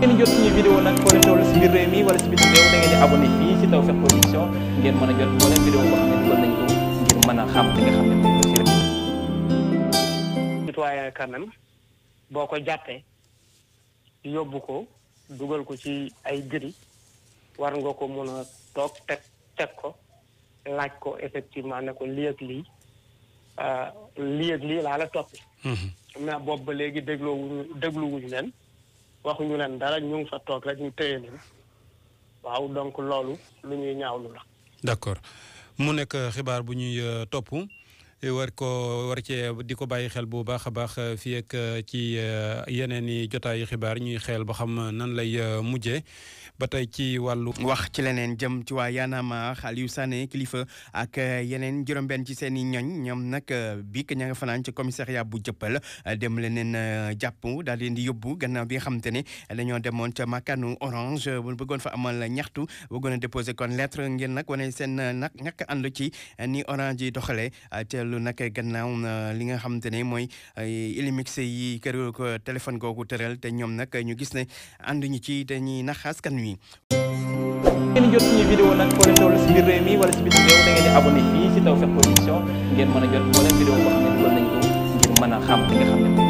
ngeen jot suñu vidéo nag foo leen toll si biir réew mi wala si biir réew da ngeen di abonné fii si Tawfekh Production ngeen mën a jot moo leen vidéo boo xam ne dugal nañ ko ngir mën a xam li nga xam ne moom lañ citoyen quand même boo ko jàppee yóbbu ko dugal ko ci ay gëri war nga ko mën a toog teg teg ko laaj ko effectivement ne ko lii ak lii euh, lii ak lii laa la toppi mhm. mais boobu ba léegi dégloowuñu dégluwuñu leen waxuñu leen dara ñu ngi fa toog rek ñu téye leen waaw donc loolu lu ñuy ñaawlu la. d'accord mu nekk xibaar bu ñuy euh, topp. war ko war cee di ko bàyyi xel bu baax a baax fii ak ci eh, yeneen i jotaayu xibaar ñuy xeel ba xam nan lay eh, mujjee ba tey ci wàllu. wax ci leneen jëm ci waa Y'en a marre Aliou Sané kilifa ak eh, yeneen juróom-benn ci seen i ñoñ ñoom nag bi ña nga fanaan ci commissariat bu jëppal dem leneen jàpp daal leen yóbbu gannaaw bi nga xamante ne dañoo demoon ca makkaanu orange bëggoon fa amal ñaxtu bëggoon a déposé kon lettre ngeen nag wane seen nag ñàkk ànd ci ni orange yi dellu nag gannaaw euh, li nga xamante ne mooy Illimix yi kër ko téléphone googu tëral te ñoom nag ñu gis ne ànduñu ci te ñuy nax askan wi. ngeen jot suñu vidéo nag foo leen toll si biir réew mi wala si biir réew da ngeen di abonné fii si Tawfekh Production ngeen mën a jot moo leen a xam li nga xam